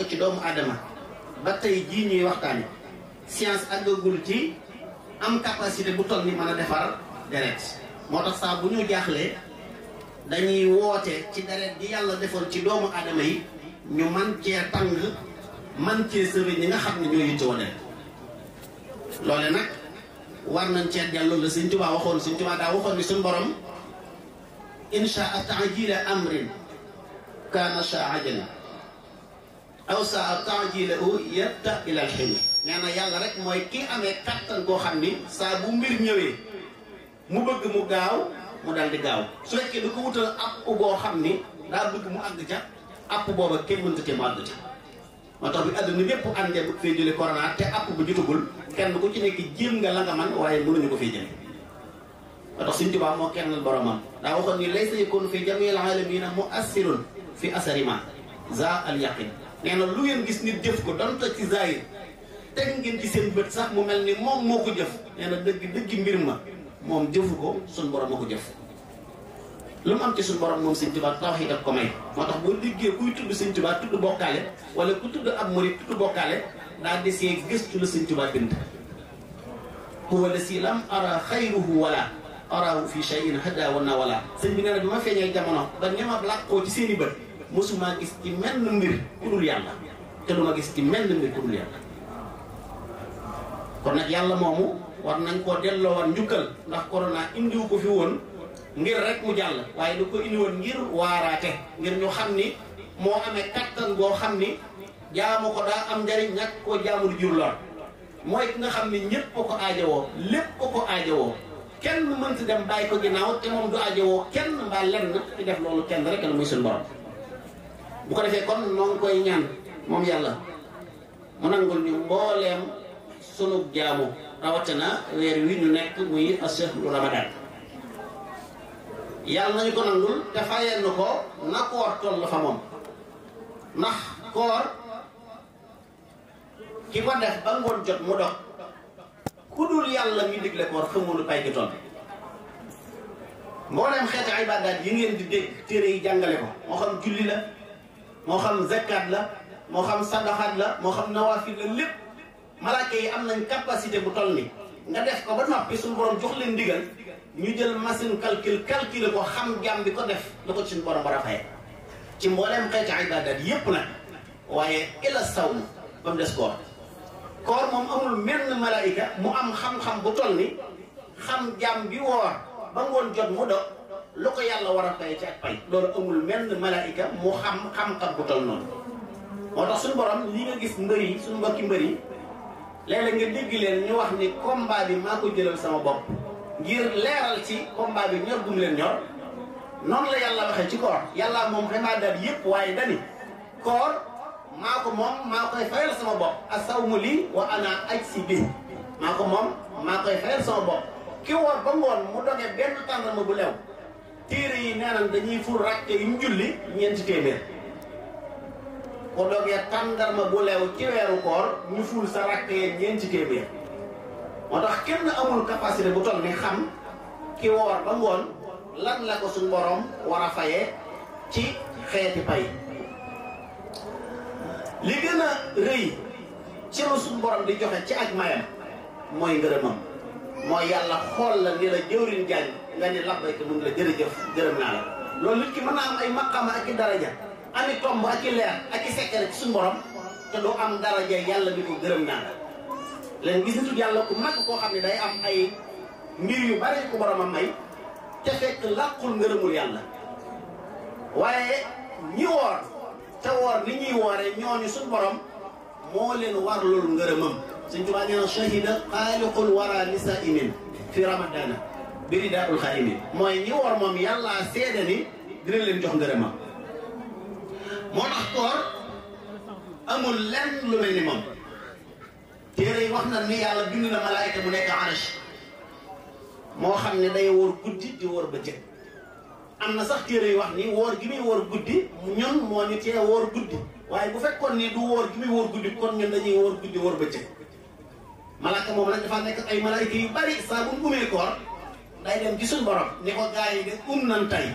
ko ci doomu adama ba tay ji ñuy waxtani science àggagul ci am capacité bu toll ni mëna défar defar deret sa bu ñu jaxlé dañuy woté ci dérèt di yalla defoon ci doomu adama yi ñu man ci tang man ci sëri ñi nga xamni ñoy yitté yittewoo lolé nak war nañ ci waxon da waxon ni sun borom insha ta'jila amrin kana sha aw sa ta'jilu yabda ila al-hilm nee yalla rek moy ki amé katan go xamni sa bu mbir ñëwé mu bëgg mu gaaw mu daldi gaaw su fekkee du ko wutal app goo xam ni daa bëgg mu ag ja app booba ke mënta te mu àgg ca moo tax bi aduna bëpp àndee bu fi jëlé corona té app bu jotagul kenn ku ci nekk jëm nga la nga man waye waaye ñu ko fi jëlé ma tax señtu ba mo kenn kennal boromam da waxon ni laysa yakunu fi jamil alamin muassirun fi asari ma za al yaqin nee na lu ngeen gis nit jëf ko donte ci zaahir teg ngeen ci seen bët sax mu mel ni moom moo ko jëf nee na dëgg dëgg mbir ma moom jëfu ko suñu borom a ko jëf lu mu ci suñu borom moom sëñ Tuubaa tawhiid ak ko may moo tax boo liggéey kuy tudd sëñ Tuubaa tudd bokkaale wala ku tudd ab murit tudd bokkaale daa desee gëstu la sëñ Tuubaa bind huwa la si lam ara xayruhu wala arahu fi shay'in hada wana wala sëñ bi nee na bi ma feeñee jamono ba ñemab làqoo ci seen i mosuma gis ci menn mbir ku dul yàlla te lu ma gis ci mel mbir ku dul yàlla kon nag yàlla moomu war nañ koo delloo woon njukkal ndax corona indiwu ko fi woon ngir rek mu jàll waaye du ko indi woon ngir waaraate ngir ñu xam ni moo amee kattan boo xam ni jaamu ko daa am njariñ ñàkk koo jaamu du jur lor mooy ki nga xam ni ñëpp ko aajowoo lépp ko aajowoo kenn si dem bàyyi ko ginnaaw te moom du aajowoo kenn mbaa lenn di def loolu kenn rek la muy bu ko defee kon noonu koy ñaan moom yàlla mu nangul ñu mbooleem sunu jaamu rawatina weer wi ñu nekk muy asexlu ramadan yàlla nañu ko nangul te fayal na ko na koor toll xamoon ndax koor ki ko def ba ngoon jot mu dox ku dul yàlla mi digle koor xamulu pay ki toll mbooleem xeeti ibaadaat yi ngeen di dégg téere yi jàngale ko moo xam julli la moo xam zakkaat la moo xam sadaxaat la moo xam nawaafil la lépp malaaka yi am nañ capacité bu toll ni nga def ko ba noppi suñu borom jox leen ndigal ñu jël machine calcul calculer ko xam jàmm bi ko def la ko suñu borom war a fayee ci mbooleem xeeti ibadat yépp nag waaye ila saw ba mu des koor koor moom amul menn malaayika mu am xam-xam bu toll ni xam jàmm bi woor ba ngoon jot mu do lu ko yàlla war a fay ci ak pay amul menn malaayika mu xam xam-xam noonu moo tax suñu borom li nga gis mbër yi suñu mbokki mbër yi nga dégg leen wax ni combat maa ko jëlal sama bopp ngir leeral ci combat bi leen ñor noonu ci koor yàlla moom xamaa daal yëpp waaye dani koor maa ko moom maa koy fayal sama bopp asawmu lii wa ana aj si bi maa ko moom maa koy fayal sama bopp ki woor ba ngoon mu doge benn tàndarma bu lew téere yi nee dañuy ful rakk yu mu julli ñeenti téeméer ko dogee tàndarma bu leew ci weeru koor ñu ful sa rakk yi ñeenti téeméer moo tax kenn amul capacité bu toll ni xam ki woor ba ngoon lan la ko suñ borom war a fayee ci xeeti pay li gën a rëy ci lu suñ borom di joxe ci ak mayam mooy ngërëmam mooy yàlla xool la ni la jëwriñ jàng nga ni labbayka la jërëjëf gërëm loolu nit ki mën naa am ay maqama ak i daraja ami tomb ak i leer ak i sekkere ci suñu borom te du am daraja yàlla bi ko gërëm naa la leen gis yàlla ku mag koo xam ne day am ay mbir yu bari ko boromam may te fekk làqul ngërëmul yàlla waaye ñi woor te woor ni ñuy wooree ñooñu suñu borom moo leen war loolu ngërëmam suñ tubaa nee na shahida xaaliqul wara li fi ramadana bi ridaaul xaadimi mooy ñi war moom yàllaa seede ni dina leen jox ngërëmam moo tax koor amul lenn lu mel ni moom téere yi wax na ni yàlla bind na malaayka mu nekk arsh xam ne day wóor guddi di wóor bëccëg am na sax téere yi wax ni woor gi muy woor guddi ñun moo ñu tee woor guddi waaye bu fekkoon ni du wóor gi muy wóor guddi kon ñun dañuy wóor guddi wóor bëccëg malaaka moom nag dafa nekk ay malaayka yu bari saa bu mu koor day dem ci suñu borom ni ko gars yi de um nan tey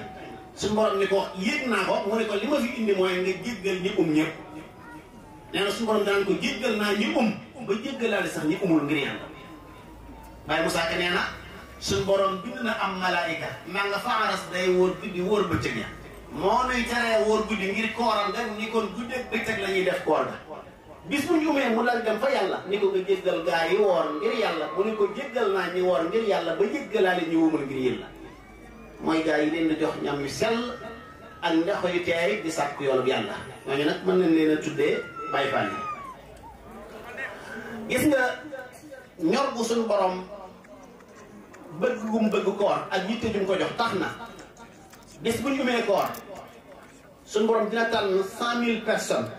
suñu borom ni ko yëg naa ko mu ne ko li ma fi indi mooy nga jéggal ñi um ñëpp nee na suñu borom ko jéggal naa ñi um ba jéggalaale sax ñi umul ngir yàlla Baye Moussa Ka nee na suñu borom bind na am malaayika maa nga fa faaras day wóor guddi wóor bëccëg ya moo nuy teree wóor guddi ngir kooram dem ni kon guddeeg bëccëg la ñuy def koor ga bis bu ñumee mu lal dem fa yàlla ni ko nga jéggal gaa yi woor ngir yàlla mu ni ko jéggal naa ñi woor ngir yàlla ba jéggalaale ñi wumul ngir yàlla mooy gaa yi leen jox ñam yu sell ak ndaxo yu teey di sàkk yoolub yàlla ñooñu nag mën nañ leen a tuddee bay fan gis nga ñor bu suñu borom bëgg gu mu bëgg koor ak yitte jum ko jox tax na bis bu ñumee koor suñu borom dina tànn cent mille personnes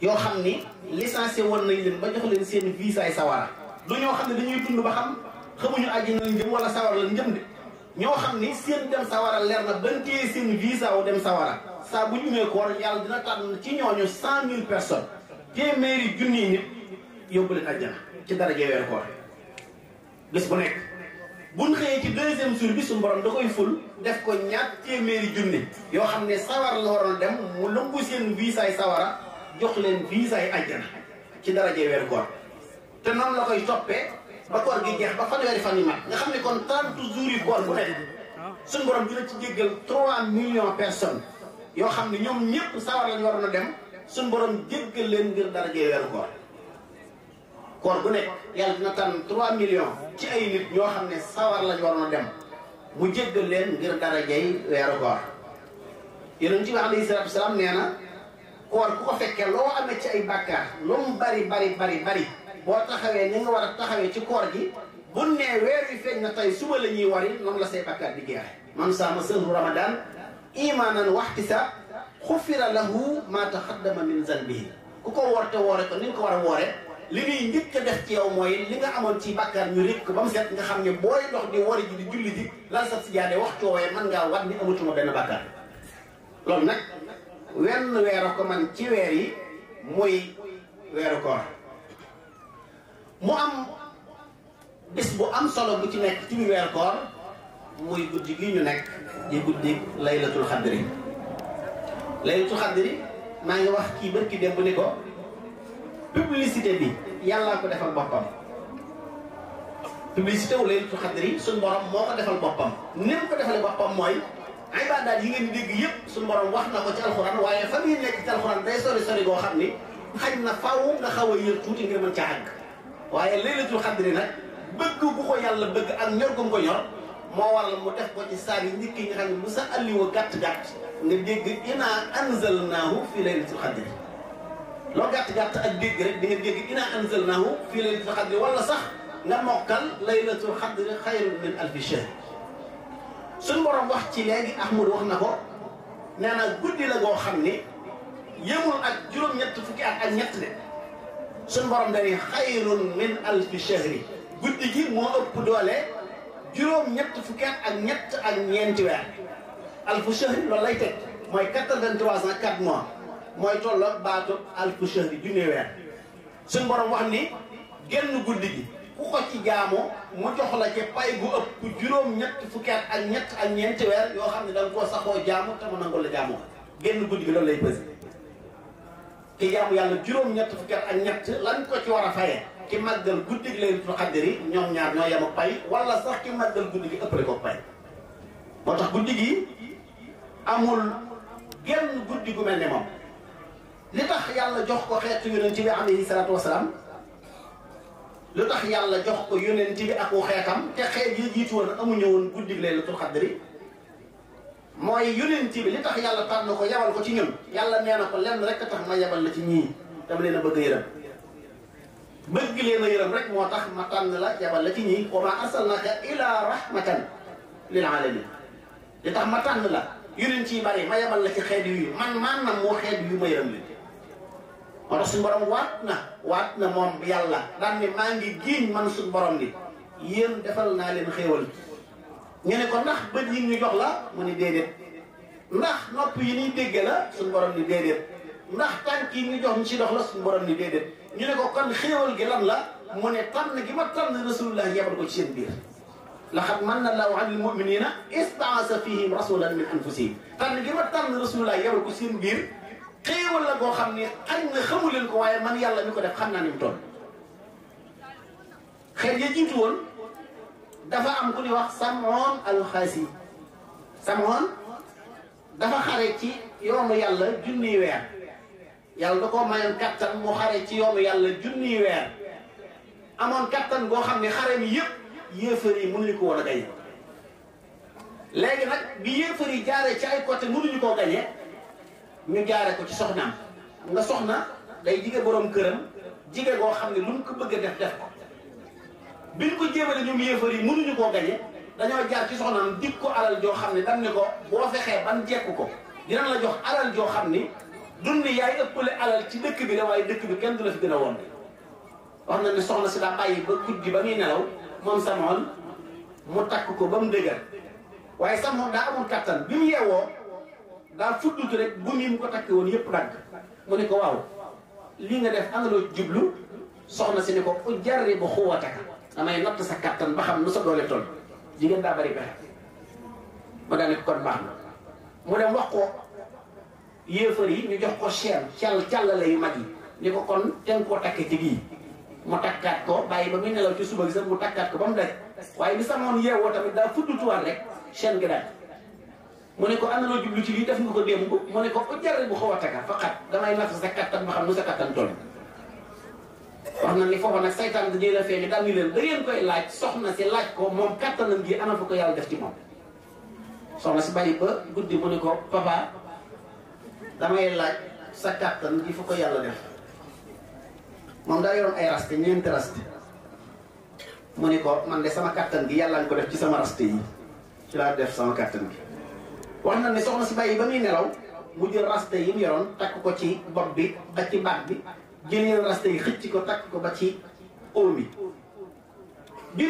yoo xam ni licencié woon nañ leen ba jox leen seen visa sawara du ñoo xam ne dañuy dund ba xam xamuñu àjjana lañ jëm wala sawara lañ jëm de ñoo xam ni seen dem sawara leer na ban téye seen visa wu dem sawara saa bu ñu umee koor yàlla dina tànn ci ñooñu cent mille personnes téeméeri junni nit ci darajee weer koor bis bu nekk buñ xëyee ci deuxième def ko ñaar téeméeri junni yoo xam ne sawara la waroon dem mu lëmbu seen visa sawara jox leen visa ay ajjana ci darajee weeru koor te noonu la koy toppee ba koor gi jeex ba fanweeri fan yu mat nga xam ne kon 30 ci jéggal 3 millions personnes yoo xam ne ñoom ñëpp sawar lañ waroon a dem suñu borom jéggal leen ngir darajee weeru koor koor bu nekk yàlla dina tànn 3 millions ci ay nit ñoo xam ne sawar lañ waroon a dem bu jéggal leen ngir darajey weeru koor yonent bi alayhi salaatu wa salaam nee koor ku ko fekkee loo amee ci ay bàkkaar lu mu bari bari bari bari boo taxawee ni nga war a taxawee ci koor gi bu nee weer wi feeñ na tey suba la ñuy wari noonu la say bàkkaar bi geexe man saa ma saama sëhru ramadan imaanan waxtisa xufira lahu ma taxaddama min zanbihi ku ko woorte woore ko ni nga ko war a woore li ñuy njëkk def ci yow mooy li nga amoon ci bàkkaar ñu rékk ba mu set nga xam ne booy dox di wari ji di julli ji lal sa sijaade wax coowee mën ngaa wat ni amatuma benn bàkkaar loolu nag wenn weero ko man ci weer yi muy weeru koor mu am bis bu am solo bu ci nekk ci muy weeru koor muy guddi gi ñu nekk di guddi lay laylatul xadri laylatul xadri maa ngi wax kii bërki démb ni ko publicité bi yàllaa ko defal boppam publicité wu laylatul xadri suñ borom moo ko defal boppam ni mu ko defalee boppam mooy عباده يي نين ديغ ييب سون بوروم واخنا كو تي القران وايي فامي نيك تي القران داي سوري سوري غو خامني خاجنا فاو غا خاوا يير توتي غير مان تي حق وايي ليله القدر نا بغ بو كو يالا بغ اك نيور كوم كو نيور مو وال مو ديف كو تي ساري نيت كي خاني موسى علي و غات غات nga dégg ina anzalnahu fi laylatil qadr lo gatt gatt ak dégg rek di nga dégg ina anzalnahu fi laylatil qadr wala sax nga mokal laylatul qadr khayrun min alf shahr suñ borom wax ci léegi Ahmadu wax na ko nee na guddi la goo xam ni yëmul ak juróom-ñett fukki ak ñett de suñ borom dañuy xayrun min alfi shahri guddi gi moo ëpp doole juróom-ñett fukki ak ñett ak ñeenti weer alfu shahri loolu lay teg mooy quatre-vingt-trois ans quatre mois mooy tolloog baatu alfu shahri junne weer suñ borom wax ni genn guddi gi ku ko ci jaamu mu jox la ci pay bu ëpp juróom ñett fukki at ak ñett ak ñeenti weer yoo xam ne da nga koo saxoo jaamu te mu nangu la jaamu génn guddi bi loolu lay bësi ki jaamu yàlla juróom ñett fukki at ak ñett lan ko ci war a fayee ki màggal guddi gi laylatul qadri ñoom ñaar ñoo yem ak pay wala sax ki màggal guddi gi ëppale ko pay moo tax guddi gi amul genn guddi gu mel ne moom li tax yàlla jox ko xeetu yonent bi alayhi salaatu wasalaam lu tax yàlla jox ko yonent bi ak xeetam te xeet yi jiitu woon amuñu woon guddi laylatul xadri mooy yonent bi li tax yàlla tànn ko yabal ko ci ñun yàlla nee na ko lenn rek tax ma yabal la ci ñii dama leen a bëgg yërëm leen a rek moo tax ma tànn la yabal la ci ñii wa maa arsalnaaka illaa rahmatan li tax ma tànn la yonent ci bari ma yabal la ci xeet yu man man na moo xeet yu ma yërëm leen moo tax suñu borom waat na waat na moom yàlla daan ne maa ngi giiñ man suñu borom ni yéen defal naa leen xéewal ñu ne ko ndax bët yi ñu jox la mu ni déedéet ndax nopp yi ñuy dégge la suñu borom ni déedéet ndax tànk yi ñu jox ñu ci dox la suñu borom ni déedéet ñu ne ko kan xéewal gi lan la mu ne tànn gi ma tànn rasulullah yebal ko ci seen biir laqad manna allahu ala almuminina istaasa fihim rasulan min anfusihim tànn gi ma tànn rasulullah yebal ko ci seen biir xéewal la goo xam ne xañ na xamu leen ko waaye man yàlla mi ko def xam naa ni mu toll xeet ya jiitu woon dafa am ku ñuy wax samoon alxasi samoon dafa xare ci yoonu yàlla junniy weer yàlla da ko mayoon kattan mu xare ci yoonu yàlla junniy weer amoon kattan goo xam ne xare mi yëpp yéefar yi mënuñu ko war a gañe léegi nag bi yéefar yi jaaree ci ay côté mënuñu koo gañe ñu jaare ko ci soxnaam nga soxna day jige borom këram jige goo xam ne lu ko bëgg def def ko biñ ko jéemale ñoom yéefar yi mënuñu koo gañe dañoo jaar ci soxnaam dig ko alal joo xam ne dam ni ko boo fexee ban jekku ko dinañ la jox alal joo xam ni dund yaay ëppale alal ci dëkk bi la waaye dëkk bi kenn du la fi gën a woon wax na ne soxna si daa bàyyi ba guddi ba muy nelaw moom samoon mu takk ko ba mu dëgër waaye samoon daa amul kattan bi mu yeewoo daal fuddut rek bu mu ko takk woon yëpp dagg mu ne ko waaw lii nga def ana jublu soxna si ne ko u jarri bu xuwataka damay natt sa kàttan ba xam nu sa doole toll jigéen daa bari pexe mu daal ne kon baax na mu dem wax ko yéefar yi ñu jox ko cher càll càllale yi mag yi ni ko kon ten koo takke ci gii mu takkaat ko bàyyi ba muy nelaw ci suba gi mu takkaat ko ba mu daj waaye bi samoon yeewoo tamit daa fuddutuwaat rek chaîne gi mu ne ko ana loo jublu ci li def nga ko démb mu ne ko ko jarri bu xowa taka faqat damay nax sa kattan ba xam nu sa kattan tol wax na ni foofa nak setan dañuy la fegi dal ni len da ngeen koy laaj soxna ci laaj ko mom kattanam gi ana fa ko yalla def ci mom soxna ci bari ba guddi mu ne ko papa damay laaj sa katan gi fa ko yalla def mom da yoon ay raste ñeent raste mu ne ko man de sama katan gi ngi ko def ci sama raste yi ci la def sama katan gi wax na ne soxna si bàyyi ba muy nelaw mu jël rasta yi mu yoroon takk ko ci bopp bi ba ci baat bi jëlee rasta yi xëcc ko takk ko ba ci óom yi bi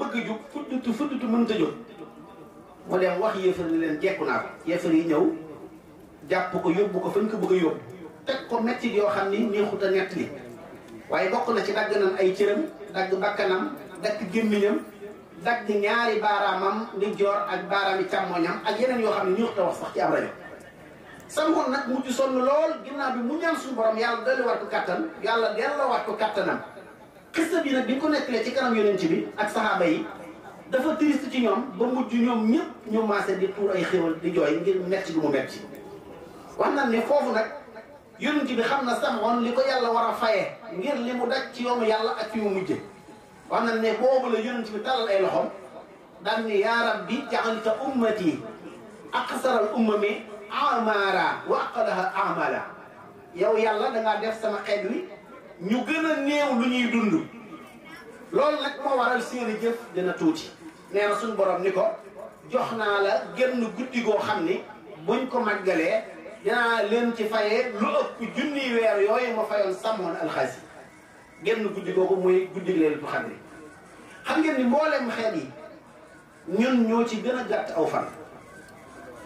bëgg a jug fuddutu fuddutu mënut a jóg mu dem wax yéefar ni leen jekku naa ko yéefar yi ñëw jàpp ko yóbbu ko fañ ko bëgg a yóbbu teg ko mettit yoo xam ni neexut a nett li waaye bokk na ci dagg nañ ay cëram dagg bakkanam dagg gémmiñam dagg ñaari baaraamam di joor ak baaraami càmmoñam ak yeneen yoo xam ne ñuux te wax sax ci am rajo Samson nag mujj sonn lool ginnaaw bi mu ñaan suñu borom yàlla dolliwaat ko kattan yàlla delloowaat ko kattanam xista bi nag bi ñu ko nekkalee ci kanam yonent bi ak saxaaba yi dafa triste ci ñoom ba mujj ñoom ñëpp ñu maase di tuur ay xéwal di jooy ngir metti bi mu metti wax nañ ne foofu nag yonent bi xam na Samson li ko yàlla war a faye ngir li mu daj yàlla ak wax na ne boobu la yonent bi dalal ay loxom daan ne yaa rabbi jaxalta ummati aqsaral ummami amara wa aqadaha amala yow yàlla dangaa def sama xeet wi ñu gën a néew lu ñuy dund loolu nag moo waral seeni jëf dina tuuti nee na suñ borom ni ko jox naa la génn guddi goo xam ni buñ ko màggalee dinaa leen ci fayee lu ëpp junniy weer yooyu ma fayoon sàmmoon alxasi genn guddi googu mooy guddi leen bu xadri xam ngeen ni mboolem xeet yi ñun ñoo ci gën a gàtt aw fan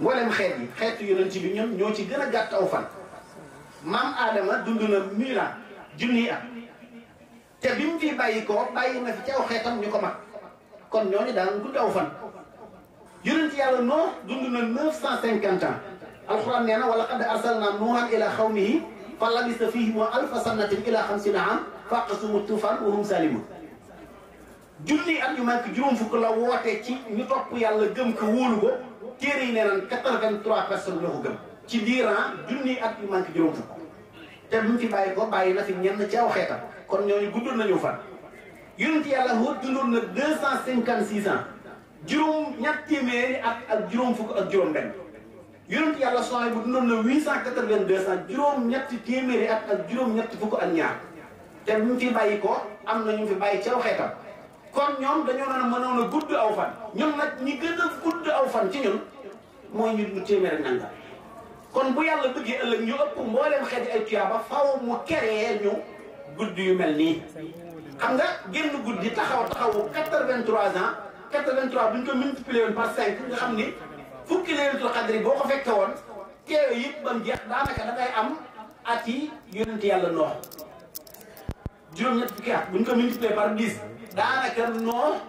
mboolem xeet yi xeetu yonent bi ñun ñoo ci gën a gàtt aw fan maam Adama dund na mille ans junni at te bi mu fi bàyyi ko bàyyi na fi ci aw xeetam ñu ko mag kon ñooñu daan gudd aw fan yonent yàlla noo dund na neuf cent cinquante ans alxuraan nee na wa laqad ila nuuhan ilaa xawmihi fa labisa fiihim alfa sannatin ilaa xamsina am faqasumu tufaan wa hum salimun junni ak yu manque juróom fukk la woote ci ñu topp yàlla gëm ko wóolu ko téere yi nee naan quatre-vingt-trois personnes la ko gëm ci diiran ah, junni at yu manque juróom fukk te mu fi bàyyi ko bàyyi na fi ñenn ci aw xeetam kon ñooñu guddul nañu fan yàlla wóor dundoon na deux cent cinquante six ans juróom ñett téeméeri ak ak juróom fukk ak juróom benn yonent yàlla sooy bu dundoon na huit cent quatre-vingt-deux ans juróom ñetti téeméeri ak ak juróom ñetti fukk ak ñaar te ñu fi bàyyi ko am na ñu fi bàyyi caw xetal kon ñoom dañoo doon mënoon a gudd aw fan ñun nag ñi gën a gudd aw fan ci ñun mooy ñu ñu téeméer ak kon bu yàlla bëggee ëllëg ñu ëpp mbooleem xeeti ay tuyaaba faw mu keree ñu gudd yu mel nii. xam nga génn guddi taxaw taxawu 83 ans 83 bu ñu ko multiplier woon par 5 nga xam ni fukki laylatul xadri boo ko fekke woon teewe yëpp ba mu jeex daanaka dafay am at yi yonent yàlla noox. juróom-ñett fukki at bu ñu ko multiplier par 10 daanaka noo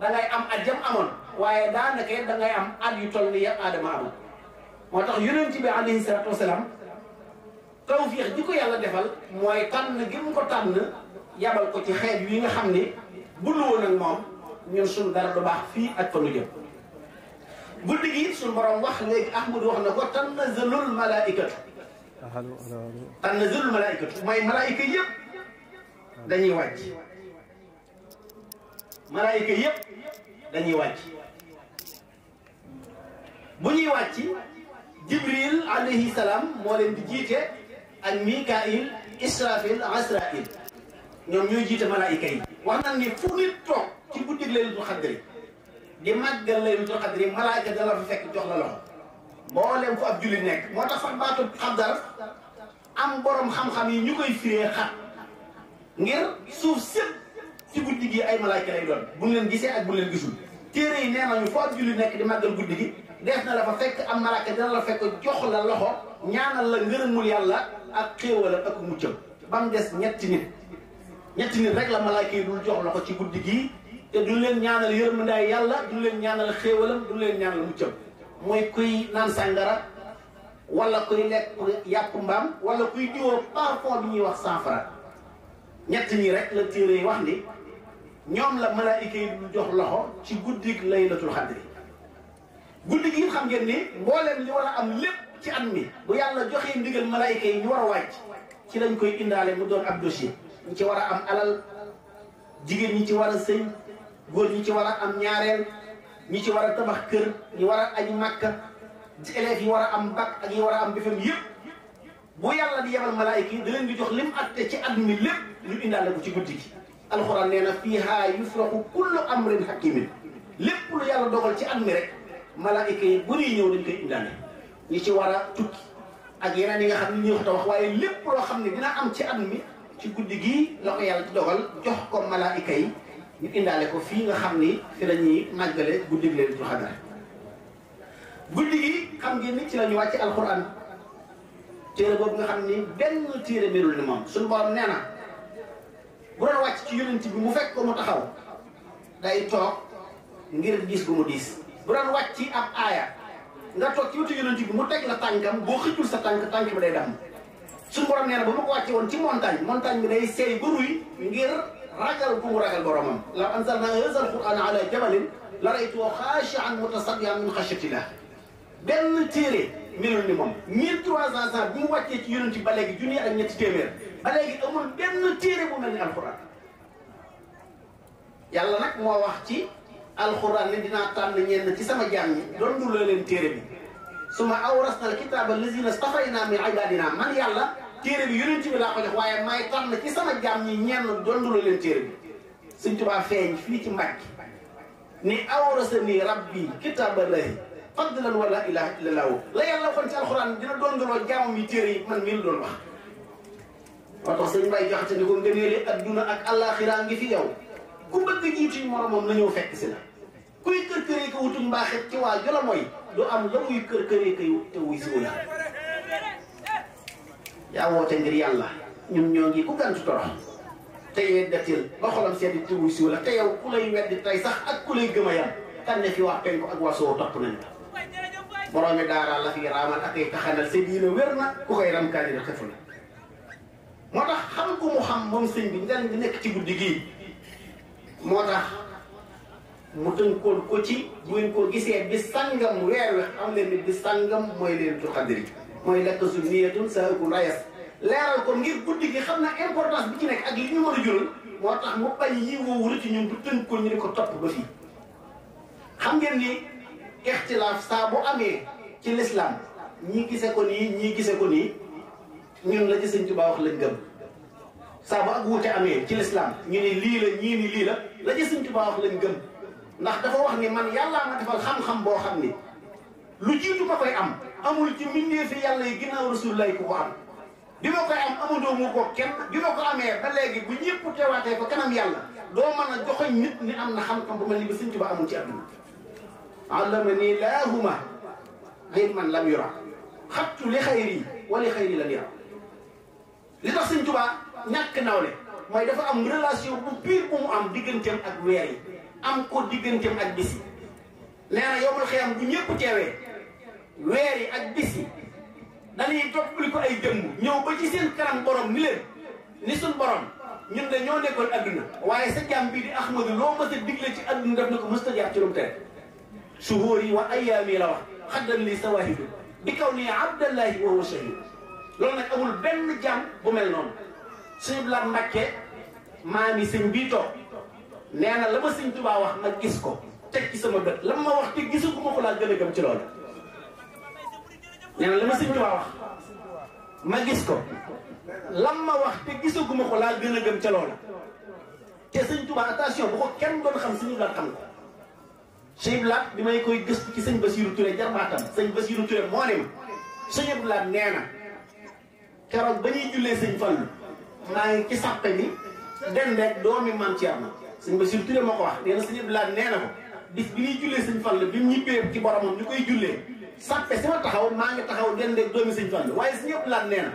da am at jëm amoon waaye daanaka da ngay am at yu toll ni yëpp aadama moo tax yonent bi alayhi salaatu wasalaam tawfiix ji ko yàlla defal mooy tànn gi mu ko tànn yabal ko ci xeet yi nga xam ni bu lu woon moom ñun suñu dara du baax fii ak fa lu jëm guddi gi suñu borom wax léegi Ahmadu wax na ko tànn zëlul malaayikatu tànn zëlul malaayikatu mooy malaayika yëpp dañuy wàcc malaayika yëpp dañuy wàcc bu ñuy wàcc jibril alayhi salaam moo leen di jiite ak mikail israfil asrail ñoom ñooy jiite malaayika yi wax na ni fu nit toog ci guddig laylatul xadri di màggal laylatul xadri malaayika dala fa fekk jox la loxo mboolem fu ab jullit nekk moo tax sax baatu xadar am borom xam-xam yi ñu koy firee xat ngir suuf sëpp ci guddi gi ay malaayka lay doon buñ leen gisee ak buñ leen gisul téere yi nee nañu foo ab julli nekk di màggal guddi gi def na la fa fekk am malaaka dina la fekk jox la loxo ñaanal la ngërëmul yàlla ak xéewal ak muccam ba mu des ñetti nit ñetti nit rek la malaayka yi dul jox loxo ci guddi gi te du leen ñaanal yërmandaay yàlla du leen ñaanal xéewalam du leen ñaanal muccam mooy kuy naan sàngara wala kuy lekk yàpp mbaam wala kuy diwoo parfum bi ñuy wax saafara ñett ñi rek la téere yi wax ni ñoom la malaayika yi dul jox loxo ci guddik laylatul xadri guddi gi xam ngeen ni mbooleem li war a am lépp ci at mi bu yàlla joxee ndigal malaayika yi ñu war a wàcc ci lañ koy indaale mu doon ab dossier ñu ci war a am alal jigéen ñi ci war a sëñ góor ñi ci war a am ñaareel ñi ci war a tabax kër ñu war a añ màkka ci élèves war a am bac ak yi war a am bifam e yëpp bu yàlla di yebal malaayika yi da leen di jox lim atte ci at mi lépp ñu indaale ko ci guddi gi alxuraan nee na fiihaa yufraqu kullu amrin hakimin lépp lu yàlla dogal ci at mi rek malaayika yi bu ñuy ñëw dañ koy indaale ñi ci war a tukki ak yeneen yi nga xam ne ñëw ta wax waaye lépp loo xam ne dina am ci at mi ci guddi gi la ko yàlla dogal jox ko malaayika yi ñu indaale ko fii nga xam ni fi la ñuy guddi gi leen du xadar guddi gi xam ngeen ni ci lañu ñu wàcc alxuraan téere boobu nga xam ni benn téere melul ni suñu borom nee na bu doon wàcc ci yonent bi mu fekk ko mu taxaw day toog ngir diis bu mu diis bu doon wàcc ci ab aaya nga toog ci wetu yonent bi mu teg la tànkam boo xëccul sa tànk tànk bi day damm suñu borom nee na ba ma ko wàcce woon ci montagne montagne bi day seey ba ruy ngir ragal bu mu ragal boromam law anzalna haazal qur'aana a jabalin la raytuhu xaashi'an mutasaddi'an min la benn téere melul ni moom 1300 ans bi mu wàccee ci yonent bi ba léegi junni ak ñetti ba léegi amul benn téere bu mel ni alxuraan yàlla nag moo wax ci alxuraan ne dinaa tànn ñenn ci sama jaam ñi doon leen téere bi su ma awras nal kitaaba lazina yàlla téere bi yonent ko jox ci sama jaam ñi ñenn doon du la feeñ fii ci Mbàkke ni awrasani rabbi kitaaba lahi fadlan wala ilaha illa lahu la yàlla waxoon ci alxuraan dina doon jaamam yi téere yi man mii doon wax moo tax sëñ Mbaye Jaxate ni ko ngëneeli adduna ak àllaaxiraa ngi fi yow ku bëgg jiitu moromam na ñëw fekk si la kuy kër këree ko wutum mbaaxet ci waa jola mooy du am la muy kër këree ko te si wuy yaa woote ngir yàlla ñun ñoo ngi ku gantu torox te yee te wuy si ku lay weddi tey sax ak ku lay gëm a yam kan ne fi wax penku ak wasoo topp nañ la boroomi la fi raamal ak taxanal sa diina wér na ku koy ramkaani la xëfu la moo tax xam ko mu xam moom sëñ bi njariñ bi nekk ci guddi gii moo tax mu koon ko ci bu ngeen ko gisee bi sangam weer wi xam ngeen ni bi sangam mooy leen tu xadri mooy lekk su niyatun sa ëkku rayas leeral ko ngir guddi gi xam na importance bi ci nekk ak li ñu mën a jural moo tax mu bañ yi wóowu ci ñun du tënkoon ñu di ko topp ba fii xam ngeen ni ixtilaaf saa bu amee ci lislaam ñi gise ko nii ñii gise ko nii ñun la ci sëñ Tuubaa wax lañ gëm saa bu ak wuute amee ci lislaam ñu ni lii la ñii ni lii la la ci sëñ Tuubaa wax lañ gëm ndax dafa wax ni man yàllaa ma defal xam-xam boo xam ni lu jiitu ma koy am amul ci mbindeefi yàlla yi ginnaaw rasulullaay ku ko am bi ma koy am amandoo mu ko kenn bi ma ko amee ba léegi bu ñëpp teewaatee ko kanam yàlla doo mën a joxoñ nit ni am na xam-xam bu mel ni bi sëñ Tuubaa amul ci àdduna allama nii laahuma ilman man yura xattu li wa li xayri lam li tax sëñ Tuubaa ñàkk nawle mooy dafa am relation bu piir bu mu am digganteem ak weer yi am ko digganteem ak bis yi nee na yombal xiyam bu ñëpp teewee weer yi ak bis yi dañuy toppali ko ay jëmm ñëw ba ci seen kanam borom ni leen ni suñ borom ñun de ñoo nekkoon adduna waaye sa jaam bii di Ahmadu loo mës a digle ci adduna def na ko mës a jaar ci lu mu tere suhóor yi wa ayyaam yi la wax xaddan sa sawahidu di kaw nii abdallahi wa huwa shahid loolu nag amul benn jàmm bu mel noonu suñu Blaat Mbàkke maam yi sëñ bii toog nee na la ma sëñ Tuubaa wax ma gis ko teg ci sama bët la ma wax te gisaguma ko laa gën a gëm ci loolu nee la ma sëñ Tuubaa wax ma gis ko lam ma wax te gisaguma ko laa gën a gëm ca loola te sëñ Tuubaa bu ko kenn doon xam sëñ Blaat xam ko sëñ Blaat bi may koy gëstu ci sëñ Basiiru Ture jarbaatam sëñ Basiiru Ture moo ne ma sëñ Blaat nee na keroog ba ñuy jullee sëñ Fallu maa ngi ci sàppe bi den rek doomi maam Thierno sëñ Bachir Touré moo ko wax nee na sëñ Abdou Lahad nee na ko bis bi ñuy jullee sëñ Fallu bi mu ñibbee ci boromam ñu koy jullee sàppe si ma taxaw maa ngi taxaw den rek doomi sëñ Fallu waaye sëñ Abdou Lahad nee na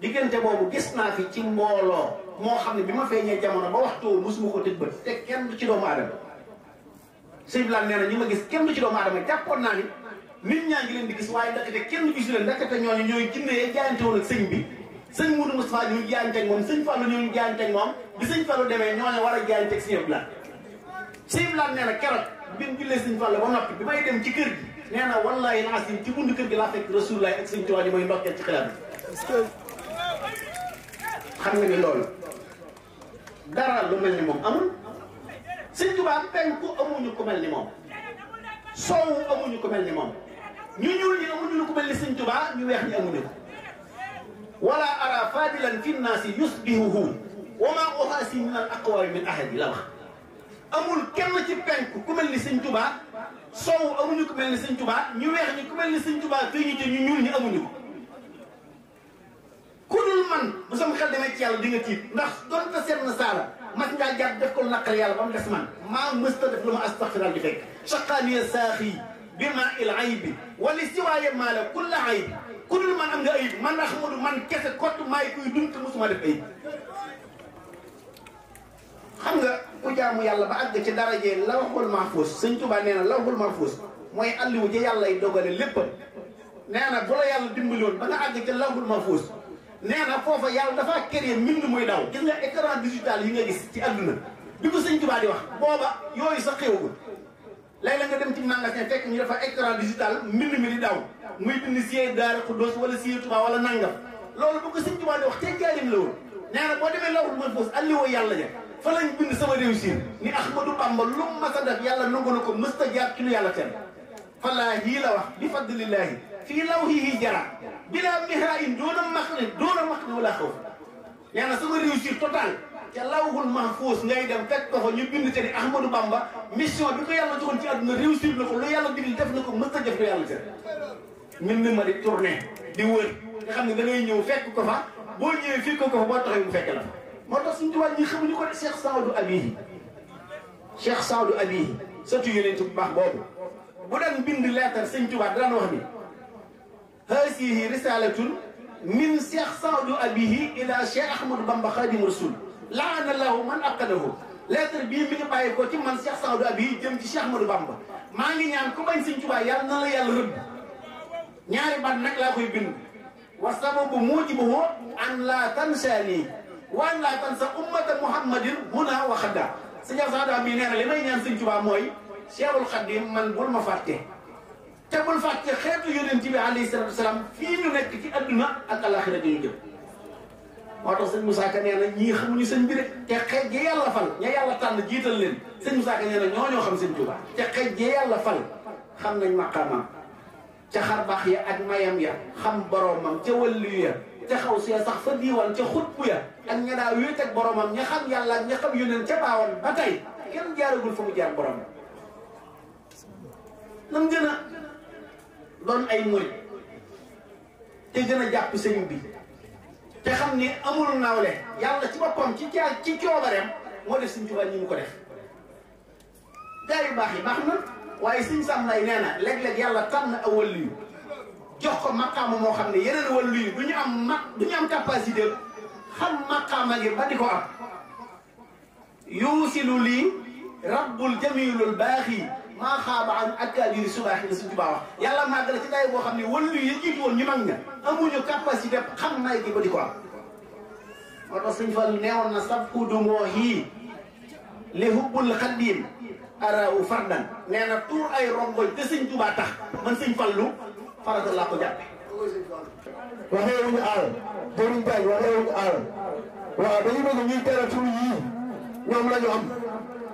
diggante boobu gis naa fi ci mbooloo moo xam ne bi ma feeñee jamono ba waxtu mosuma ko tëj bët te kenn du ci doomu aadama sëñ Abdou Lahad nee na ñu ma gis kenn du ci doomu aadama jàppoon naa nit ñaa ngi leen di gis waaye ndekete kenn gisu leen ndekete ñooñu ñooy jinne ya jaayante woon ak sëñ bi sëñ Moudou Moustapha ñu jaayante ñu jaayante moom bi sëñ demee ñooñu war a jaayante ak sëñ Blan sëñ keroog bi mu jullee sëñ ba noppi bi may dem ci kër gi nee na wallaahi naasim ci bundu kër gi laa fekk Rasulullah ak sëñ Tuubaa di may ndokkeel ci xelaat xam nga ni loolu lu mel ni moom amul sëñ ko mel ni moom soowu amuñu ko mel ni moom ñu ñuul ñi amuñu ku mel ni Sëñ Tuubaa ñu weex ñi amuñu ko wala ara fadilan fi nnaasi yusbihuhu wa ma uxaasi min al aqwaami min ahadi la wax amul kenn ci penk ku mel ni Sëñ Tuubaa soow amuñu ku mel ni Sëñ Tuubaa ñu weex ñi ku mel ni Sëñ Tuubaa fii ñu te ñu ñuul ñi amuñu ko ku dul man bu sama xel demee ci yàlla di nga tiit ndax donte seet na saala mas ngaa jàpp def ko naqar yàlla ba mu des man maa mësta def lu ma astaxfiral di fekk saqaaniya saaxi بما العيب والاستواء مال كل عيب كل ما عند عيب من رحمه من كسر كوت ماي كوي دونك مسما ديف عيب خمغا كو جامو يالا با اد سي درجه لا وخول محفوظ سن توبا نينا لا وخول محفوظ موي اليو جي يالا دوغال ليپ نينا بولا يالا ديمبلون با اد سي لا وخول محفوظ نينا فوفا يالا دا فا كريي ميند موي داو كيس لا ايكران ديجيتال يي نغا سي ادنا ديكو سن توبا دي واخ بوبا يوي سا خيوغول léeg-léeg nga dem ci magasin fekk ñu dafa écran digital mbind mi di daw muy bind siyee Daaru Xuddoos wala siyee Tuubaa wala loolu bu ko Sëñ Tuubaa di wax te jaalim la woon nee na boo demee lawul man foos alliwoo yàlla ja fa lañ bind sama réussir ni Ahmadou Bamba lu mu mas a def yàlla nangu na ko mësta jaar ci lu yàlla ten falaa yii la wax bi fadlillahi fii lawhihi jara bilaa mihra in doona max ne doona max ne wala xaw nee na sama réussir ca lawhul mahfuus ngay dem fekk ko fa ñu bind ca ni Ahmadou Bamba mission bi ko yàlla joxoon ci àdduna réussir na ko lu yàlla digal def na ko mës a jëf lu yàlla jëf. mbind ma di tourné di wër nga xam ne da ngay ñëw fekk ko fa boo ñëwee fekk ko fa boo taxee mu fekk la fa. moo tax suñu tubaab ñi xamuñu ko de Cheikh Saadou Abihi Cheikh Saadou Abihi sëtu yonent bu baax boobu bu daan bind leetar sëñ tubaab daan wax ni haasihi risaalatun min Cheikh Saadou Abihi ila Cheikh Ahmadou laanallahu man aqalahu lettre bii mi ngi bàyyi ko ci man Cheikh Saoudou Abi jëm ci Cheikh Ahmadou Bamba maa ngi ñaan ku bañ Sëñ Tuubaa yàlla na la yàlla ñaari ban nag laa koy bind wa sababu mujibuhu an laa tansaani wa an laa tansa ummata muhammadin huna wa xadda Sëñ Saoudou Abi nee na li may ñaan Sëñ Tuubaa mooy Cheikhul Khadim man bul ma fàtte te bul fàtte xeetu yonent bi alayhi salaatu wa salaam fii ñu nekk ci adduna ak alaxira ñu jëm moo tax sëñ Moussa Ka nee na ñii xamuñu sëñ bi de te xej ji yàlla tànn jiital leen sëñ Moussa Ka nee na ñoo ñoo xam sëñ Tuuba te xej ji yàlla fal xam nañ maqaamam ca xarbax ya ak mayam ya xam boromam ca wëllu ya ca xaw si sax fa diiwan ca xutbu ya ak ña daa wéet ak boromam ña xam yàlla ak ña xam yóneen ca baawan ba tey kenn jaaragul fa mu jaar boromam nam gën a ay murit te gën a jàpp sëñ bi تخمني أمور ناولة يا الله تبا كم كي كي كي كي أبرم مو ده سنجوا ني مكره داري باخي باخنا وايسين سام لا ينانا لك لك يا الله تان أولي جوكو مقام مو خمني ينان أولي دنيا أم ما دنيا أم كapacity خم مقام ما جب بدي كوا يوصل لي رب الجميل الباخي maa xaaba am akkaabiri subaax la suñ tubaa wax yàlla màgg la ci day boo xam ne wëllu yi jiitu woon ñu mag ña amuñu capacité xam nay gi na sab ku dumoo yii li hubbul xaddiim araw fardan na tuur ay rongoñ te sëñ tubaa tax man sëñ fallu farata laa ko jàppe waxee dañu bëgg ñuy teral tur yii ñoom la am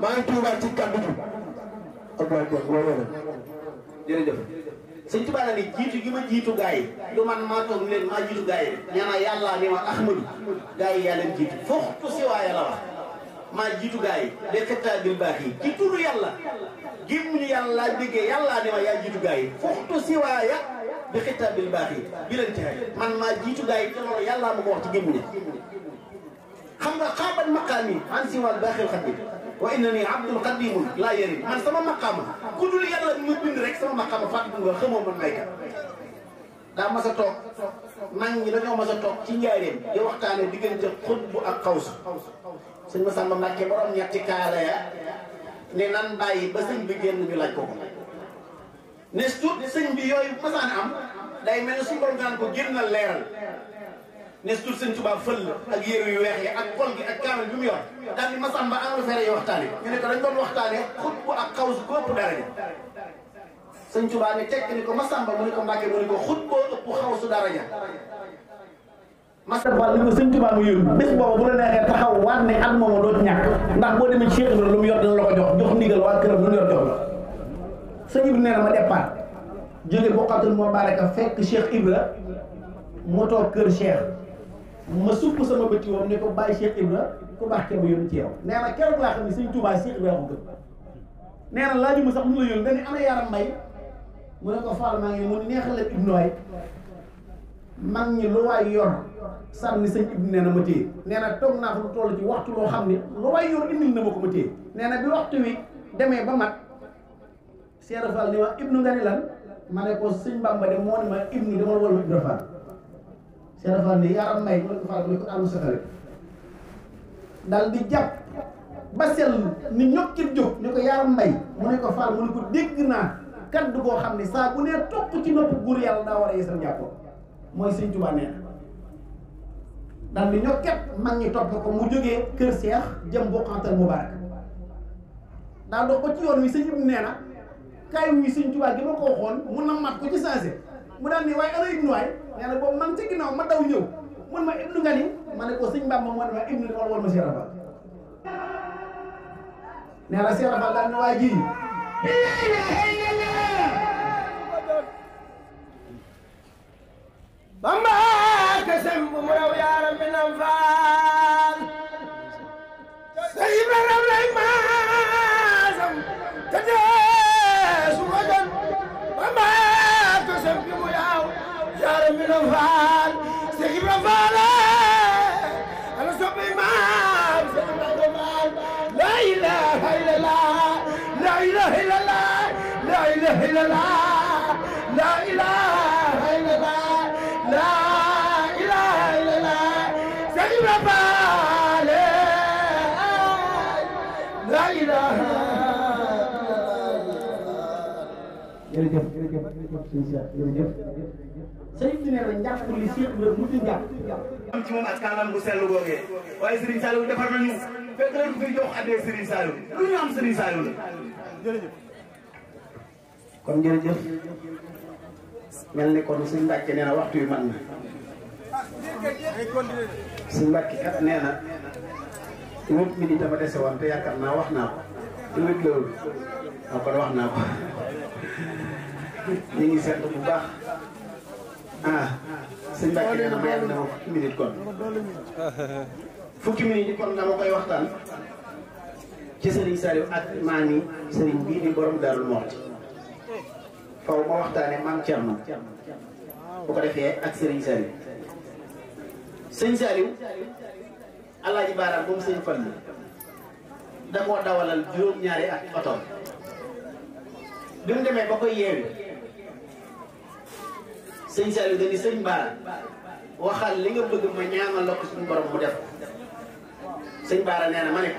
maa ngi ci kàddu gi ak way ko mo ni jiitu gi ma jiitu gaay man maa toog leen maa jiitu gaay nee na ni ma ahmadu gaay yaa leen jiitu si waa yàlla wax maa jiitu de fetta bil baax yi ci turu yàlla gémmuñu yàlla laa déggee ni si ya bi xetta bil baax yi bi man maa jiitu gaay te wax ci xam nga an si wa inna nii abdul qadimun laa yëri man sama maqaama ku dul yàlla mu bind rek sama maqaama fàttali nga xamoo man béykat daa mas a toog mag ñi dañoo mas a toog ci njaareem di waxtaane diggante bu ak xawsu sëñ Masamba Mbàkke borom ñetti kaala ya ne nan bàyyi ba sëñ bi génn ñu laaj ko ko ne suut sëñ bi yooyu masaan am day mel ne suñu borom daan ko génnal leeral nesul sëñ Tuubaa fël ak yére yu weex yi mu yor daal di Masamba am na fere yu waxtaane ñu ni ko Masamba mu ko Mbàkke mu ne ko xut boo ëpp xaw su daraja Masamba li ko sëñ mu yóbbu bés boobu bu la neexee taxaw waat ne at mooma dootu ñàkk ndax boo demee ci Cheikh lu mu yor jox la sëñ Ibra nee na ma départ jóge boqatul moo baraka fekk Cheikh Ibra moo kër Cheikh ma sukk sama bëti woom ne ko bàyyi Cheikh Ibra ku baax ci yow nee na keroog laa xam ne sëñ Touba Cheikh Ibra ko gën nee laaj laaju ma sax mu la yoon dañu ana yaram mbay mu ne ko Fall maa ngi mu neexal la Ibnu waay mag ñi lu waay sëñ Ibnu nee ma téye nee na toog naa fa lu toll ci waxtu loo xam ne lu waay yor indil na ma ko ma téye nee na bi waxtu wi demee ba mat Cheikh Fall ni wax Ibnu nga ni lan ma ne ko sëñ Bamba de moo ne ma Ibnu dama wol ma Ibra Fall Cheikh Fall ni yaram may ku la ko dal di jàpp ba sell ni ñokkit jóg ni ko yaram may mu ne ko Fall mu ne ko dégg naa kaddu boo xam ne saa bu nee topp ci nopp buur yàlla daa war a yeesal njàppoo mooy sëñ Tuubaa nee dal di ñokket mag ñi topp ko mu jógee kër Cheikh jëm Boukhatoul Moubarak daa dox ko ci yoon wi sëñ bi nee na kaay wi sëñ gi ma ko waxoon mun na ko ci sensé mu dal ni way ana ibnu way neena bo man ci ginnaaw ma daw ñew mun ma ibnu gani mané ko señ Bamba mo ne ibnu wala wala ma Cheikh Rafal nee na Cheikh ni waji Bamba ka sem bu mu raw yaaram nam Ibra Faal Seex Ibra Faal ana soppay maam Seex Ibra Faal la ilaha illallah la ilaha illallah la ilaha illallah sëriñ bi nee na njàpp li Cheikh Ibrahima mujj njàpp am ci moom askanam bu sell googee waaye Serigne Saliou defar nañu fekk nañ ko fiy jox addee Serigne Saliou lu ñu am Serigne Saliou la jërëjëf kon jërëjëf mel ni kon suñ mbàkke nee na waxtu yu man na suñ mbàkke kat nee ñu ngi seetlu bu baax ah sëñ Mbacke nee na ma yàgg na ma fukki minute kon fukki minute yi kon nga ma koy waxtaan ci sëriñ Saliou ak maami sëriñ bii di borom Darou Mouhty faw ma waxtaanee maam Thierno bu ko defee ak sëriñ Saliou sëñ Saliou Alaaji Baaraam moom sëñ Fallu da koo dawalal juróom-ñaari ak oto bi mu demee ba koy yeewi sëñ Saliou dañu seigne bal waxal li nga bëgg ma ñaanal la ko suñu borom mu def seigne Bara neena mané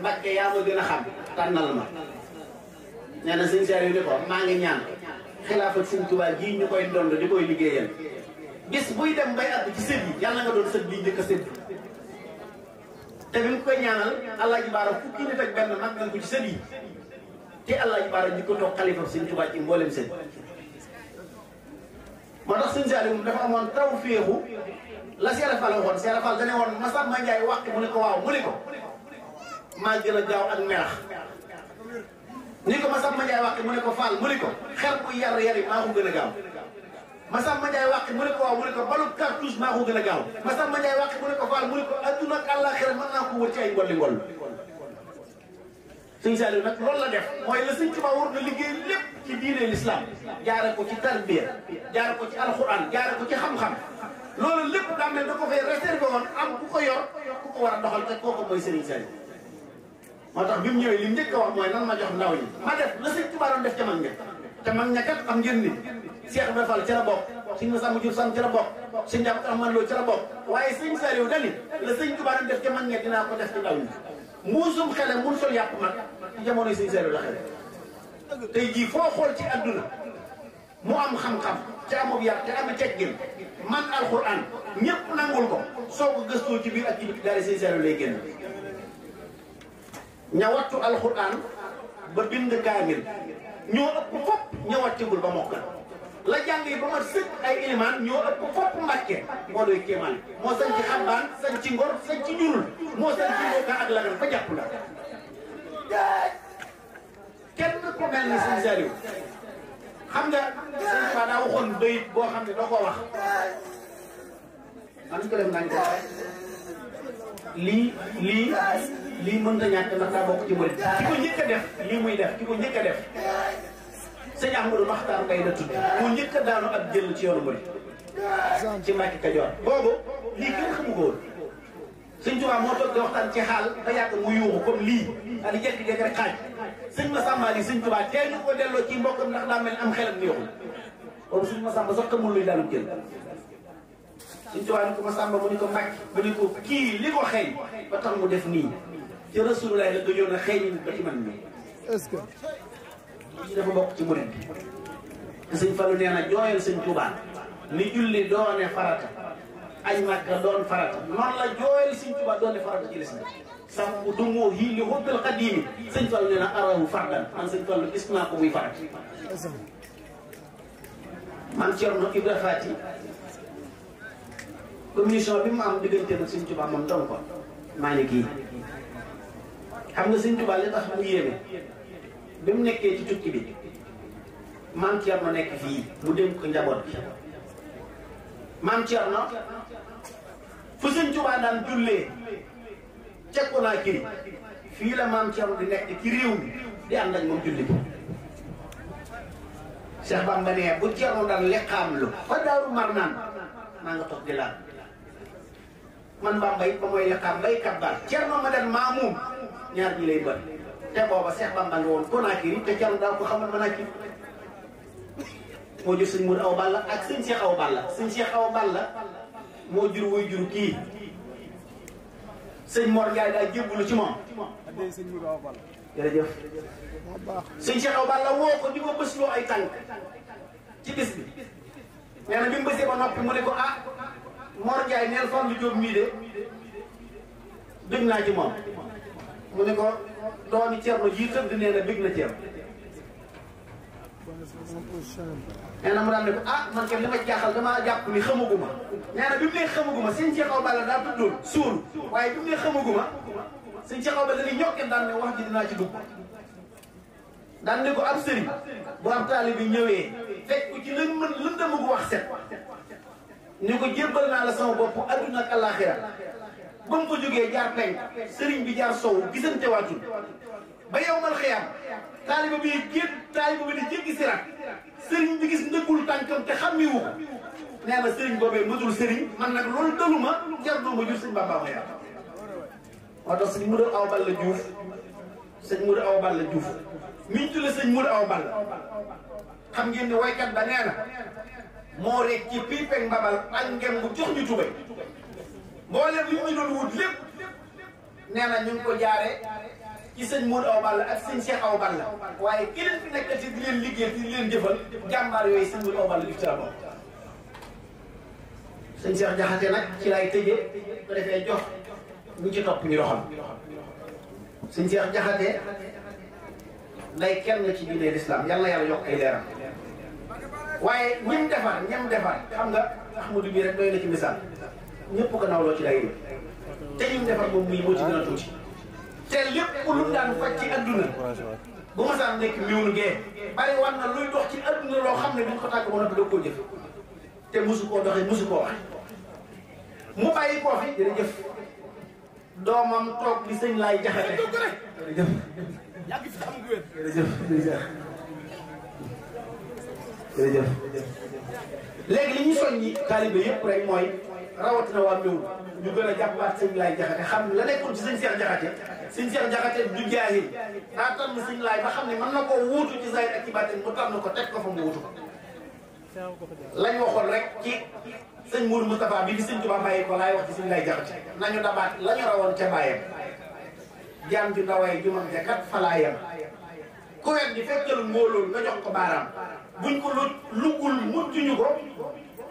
ma ya ma gëna xam tanal ma neena seigne sëñ Saliou ko ma nga ñaan khilafa seigne touba gi ñu koy ndond di koy liggéeyal bis buy dem bay àdd ci sët yi yàlla nga doon sët bi njëkk a sët te bi nga koy ñaanal Alaaji Bara fukki nit ak benn mag nga ko ci sët yi te Alaaji Bara ñu ko toog xalifa sëñ Tuubaa ci mbolem sët moo tax sëñ Saliou moom dafa amoon taw la Cheikh Fall waxoon Cheikh Fall dane woon Massa Ma Ndiaye wax mu ne ko waaw mu ne ko a gaaw ak melax ni ko Massa Ma Ndiaye wax mu ne ko faal mu ne ko xel ku yar yar yi gën a gaaw Massa Ma Ndiaye wax mu ne ko waaw mu ne ko balu cartouche maa gën a gaaw Massa Ma Ndiaye wax mu ne ko Fall mu ne ko adduna ak àllaaxira mën naa ko wër ci ay ngolli sëñ Saliou nag loolu la def mooy la sëñ Tuubaa war na liggéey lépp ci diine l'islam jaare ko ci tarbiya jaare ko ci alxuraan jaare ko ci xam-xam loolu lépp daa mel da ko fay réservé woon am ku ko yor ku ko war a doxal te kooku mooy Serigne Saliou moo tax bi mu ñëwee li njëkk a wax mooy nan ma jox ndaw ñi ma def la sëñ Tuubaa doon def ca mag ña te mag ña kat xam ngeen ni Cheikh Ibrahima Fall ca la bokk sëñ Massamba Diouf Sam ca la bokk sëñ Jabat Ahmad Lo ca la bokk waaye sëñ Saliou dani la sëñ Tuubaa doon def ca mag ña dinaa ko def ci ndaw ñi muusum xele mun sol yàpp mag jamono sëñ Saliou la xew tey jii foo xool ci adduna mu am xam-xam te amub yar te am teggin man alxuraan ñëpp nangul ko soo ko ci biir ak ci biir daara sëñ lay génn ña wattu ba bind kaamil ñoo ëpp fopp ña ba mokkal la jàng ba ma sëkk ay ilimaan ñoo ëpp fopp mbàkke moo doy kéemaan moo sañ ci xambaan sañ ci ngor sañ ci jurul moo sañ ci mbokka ak lagan ba jàpp la kenn ku mel ni sëñ Saliou xam nga sëñ Tuubaa daa waxoon bayit boo xam ne da ko wax man ko dem nañ ko lii lii lii mënta ñàkk ndax daa bokk ci murid ki ko njëkk def lii muy def ki ko njëkk a def sëñ Ahmadou Maxtaar Kay la tudd ku njëkk a daanu ak jël ci yoonu murid ci Mbàkke Kajoor boobu lii kenn xamu ko suñ Tuubaa moo toog di waxtaan ci xaal ba yàgg mu yuuxu comme lii daal di jékki-jékki rek xaaj sëñ Masamba ni sëñ Tuubaa tey ñu ko delloo ci mbokkam ndax daa mel am xelam neexul boobu sëñ Masamba sax xamul luy dalu ni ko ko mbàcc mu ni kii li ko xeeñ ba tax mu def nii ci Rasulullah la gëjoon a xeeñin ba ci man mi est-ce que lii dafa bokk ci murid bi te sëñ Fallou nee na jooyal sëñ Tuubaa ni julli doone farata ay makka doon farata noonu la jooyal Sëñ Tuubaa doon farata ci lislaam sax bu dumoo hii li hubbil xadiimi Sëñ Fallu nee na arawu fardan man Sëñ Fallu gis naa ko muy farata man Cerno Ibra Faati commission bi mu am diggante nag Sëñ Tuubaa moom dong ko maa ngi kii xam nga Sëñ Tuubaa li tax mu yéeme bi mu nekkee ci tukki bi man Cerno nekk fii mu dénk ko njaboot bi maam no fu sëñ Tuubaa daan jullee ca Konaakiri fii la maam Thierno di nekk ci réew mi di ànd ma moom julli ko. Cheikh Bamba ne bu Thierno daan lekkaam lu fa daaru mar naan maa nga di laal man Bamba it ba mooy lekkaam bay kabbar Thierno ma dem maamuum ñaar ñi lay bëri te booba Cheikh Bamba nga woon Konaakiri te Thierno daa ko xamal Konaakiri. moo jur sëñ Mour aw Balla ak sëñ Cheikh aw Balla sëñ Cheikh aw Balla moo jur wuy jur kii sëñ Mor Ndiaye daal jébbalu ci moom. jërëjëf. sëñ Cheikh aw Balla woo ko di ko bësloo ay tànk ci bis bi. nee na bi mu bësee ba noppi mu ne ko ah Mor Ndiaye neel fan bi jóob mii de bëgg naa ci moom. mu ne ko doomi Ceerno jii tëdd nee na bëgg na Ceerno. nee na mu daal ne ko ah man kenn li ma jaaxal damaa jàpp ni xamaguma nee na bi mu nee xamaguma seen Cheikh Awa Balla daal tuddoon suul waaye bi mu nee xamaguma seen ba la Balla ni ñokket daan ne wax ji dinaa ci dugg daan ne ko ab sëriñ bu am taali bi ñëwee fekk ko ci lën mën lën damagu wax set ni ko jébbal naa la sama bopp adduna ak àllaaxira ko jógee jaar penk sëriñ bi jaar sow gisante waatul ba yow mal xiyam taaliba bi génn taaliba bi di jéggi siraat sëriñ bi gis ndëggul tànkam te xammi wu nee na sëriñ boobee mëtul sëriñ man nag loolu daluma jar doo ma jur sëñ Bamba ma yàlla moo tax sëñ Modou Awa Balla Diouf sëñ Modou Awa Balla Diouf miñ tudd sëñ Modou Awa Balla xam ngeen ne waykat ba nee bu jox ñu tubay mboolem li ñu doon wut lépp nee na ñu ngi ko jaare ci sëñ Modou Awa Balla ak sëñ Cheikh Awa Balla waaye keneen fi nekk ci di leen liggéey di leen jëfal jàmbaar yooyu sëñ Modou Awa Balla dif la bokk sëñ Cheikh Jaxate nag ci lay tëjee bu defee jox ñu ci topp ñu doxal sëñ seex Jaxate lay kenn ci diine lislaam yàlla yàlla yokk ay leeram waaye ñim defar ñim defar xam nga Ahmadu bi rek doy na ci misaal ñëpp ko nawloo ci lay te ñim defar moom muy moo ci a tuuti te lépp lu mu daan faj ci adduna bu ma saan nekk miwnu gee bari war na luy dox ci adduna loo xam ne duñ ko tàgg ba noppi da koo jëf te mosu koo doxee mosu koo wax mu bàyyi koo fi jërëjëf doomam toog di sëñ laay jaxate jërëjëf jërëjëf jërëjëf léegi li ñu soññi taalibe yëpp rek mooy rawatina waa miwnu ñu gën a jàppaat sëñ laay jaxate xam la nekkoon ci sëñ seex jaxate suñ Cheikh Diakhaté du jaahil daa tànn suñ laay ba xam ne mën na koo wuutu ci zahir ak ci baatin mu tànn ko teg ko fa mu wuutu ko lañ waxoon rek ci sëñ Mourou Moustapha bi bi sëñ Tuubaa bàyyi ko laay wax ci suñ laay Diakhaté nañu dabaat la ñu rawoon ca bàyyam jaam ju ndaway ju man ca kat fa laa yem ku fekkel ngóolool nga jox ko baaraam buñ ko lu lugul juñu ko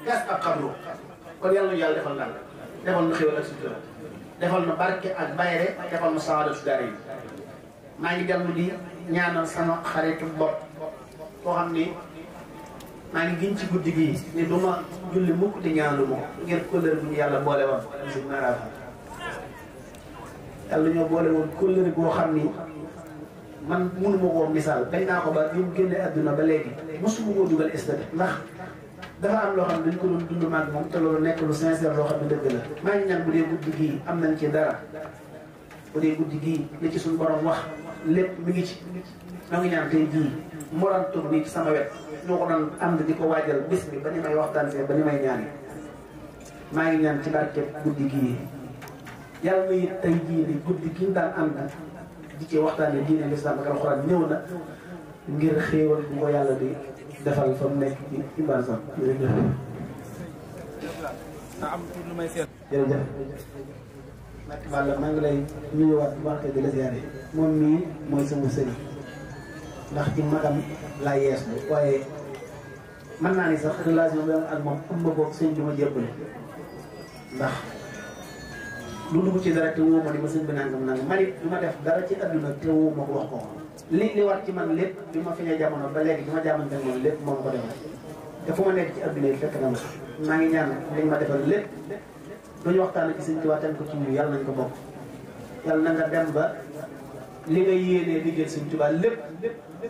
gas ak xabru kon yàlla ñu yàlla defal ndànk defal nu xéwal ak sutura defal na barke ak bayre defal na saadatu dara yi maa ngi dellu di ñaanal sama xaritu bopp koo xam ni maa ngi giñ ci guddi gii ni du julli mukk di ñaanu ma ngir kóllëre bu yàlla boole woon suñ maraafa yàlla ñoo boole woon kóllëre xam ni man mënu ma koo misaal bañ naa ko ba ñu génne adduna ba léegi mosuma koo dugal stade ndax dafa am loo xam ne dañ ko doon dund maag moom te loolu nekk lu sincère loo xam ne dëgg la maa ngi ñaan bu dee guddi gii am nañ ci dara bu dee guddi gii li ci suñu borom wax lépp mi ngi ci ma ngi ñaan tey ci sama wet ñoo ko doon am di ko waajal bis bi ba ni may waxtaan see ba ni may ñaan maa ngi ñaan ci barke guddi gii yàlla tey ni guddi daan di ci waxtaane diine lislaam ak alxuraan ñëw na ngir xéewal bu ko yàlla di defal fa mu nekk ci ci barsax jërëjëf jërëjëf walla maa ngi lay nuyuwaat bu baax te di la ziare moom mii mooy sama sëriñ ndax ci magam laa yees la waaye mën naa ni sax relation bi ak moom ëmb boog sëñ bi ma jébbale ndax lu dugg ci dara te woo ma ni ma sëñ bi nangam nangam ma ni du ma def dara ci àdduna te woo ma ko wax ko li li war ci man lepp bi ma feeñee jamono ba legi bi ma jaamante mom lepp mom ko defal te fu ma nekk ci adduna fek na ma maa ngi ñaan li ma defal lepp lu waxtaan ci sëñ Tuubaa tan ko ci ñu yalla nañ ko bokk yalla nga dem ba li nga yene di jël sëñ Tuubaa lepp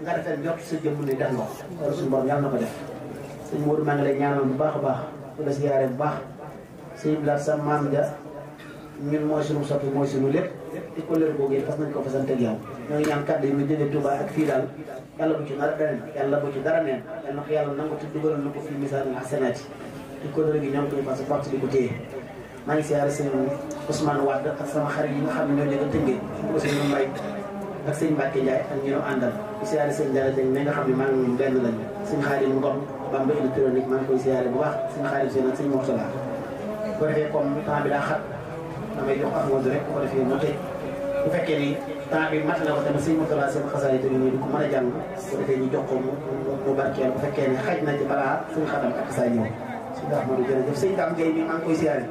nga defal jot sa jëm ni def nga wala suñu mom yalla nako def sëñ Modou ma nga lay ñaanal bu baax baax bu la ziaré bu baax sëñ la sa maam ja ñun mo suñu soppi mo suñu lepp ci kóllëre googu yi fas nañ ko fasante ak yow ñooy ñaan kàddu yi mu jëlee Touba ak fii daal yàlla bu ci dara yàlla bu ci dara neen yàlla na ko fii misaal nga xam ne ñoo nekk Tëngéej ko sëñ Mbaye ak sëñ Mbacke Ndiaye ak siyaare sëñ Dara Dieng nga xam ne maa ngi benn lañ sëñ Xaadim Ngom koy siyaare bu baax sëñ Xaadim seen ak sëñ Mourtala bu ko defee comme temps bi daa xat damay jox ak rek bu ko mu tëj bu fekkee ni temps bi mat na ko tamit sëñ Mourtala seen xasaay yi nii du ko mën a jàng su defee ñu jox ko mu mu barkeel bu fekkee ni xaj na ci balaa suñu xatam ak xasaay ñëw. sëñ Ahmadou jërëjëf sëñ Dame Gueye mi maa ngi koy siyaare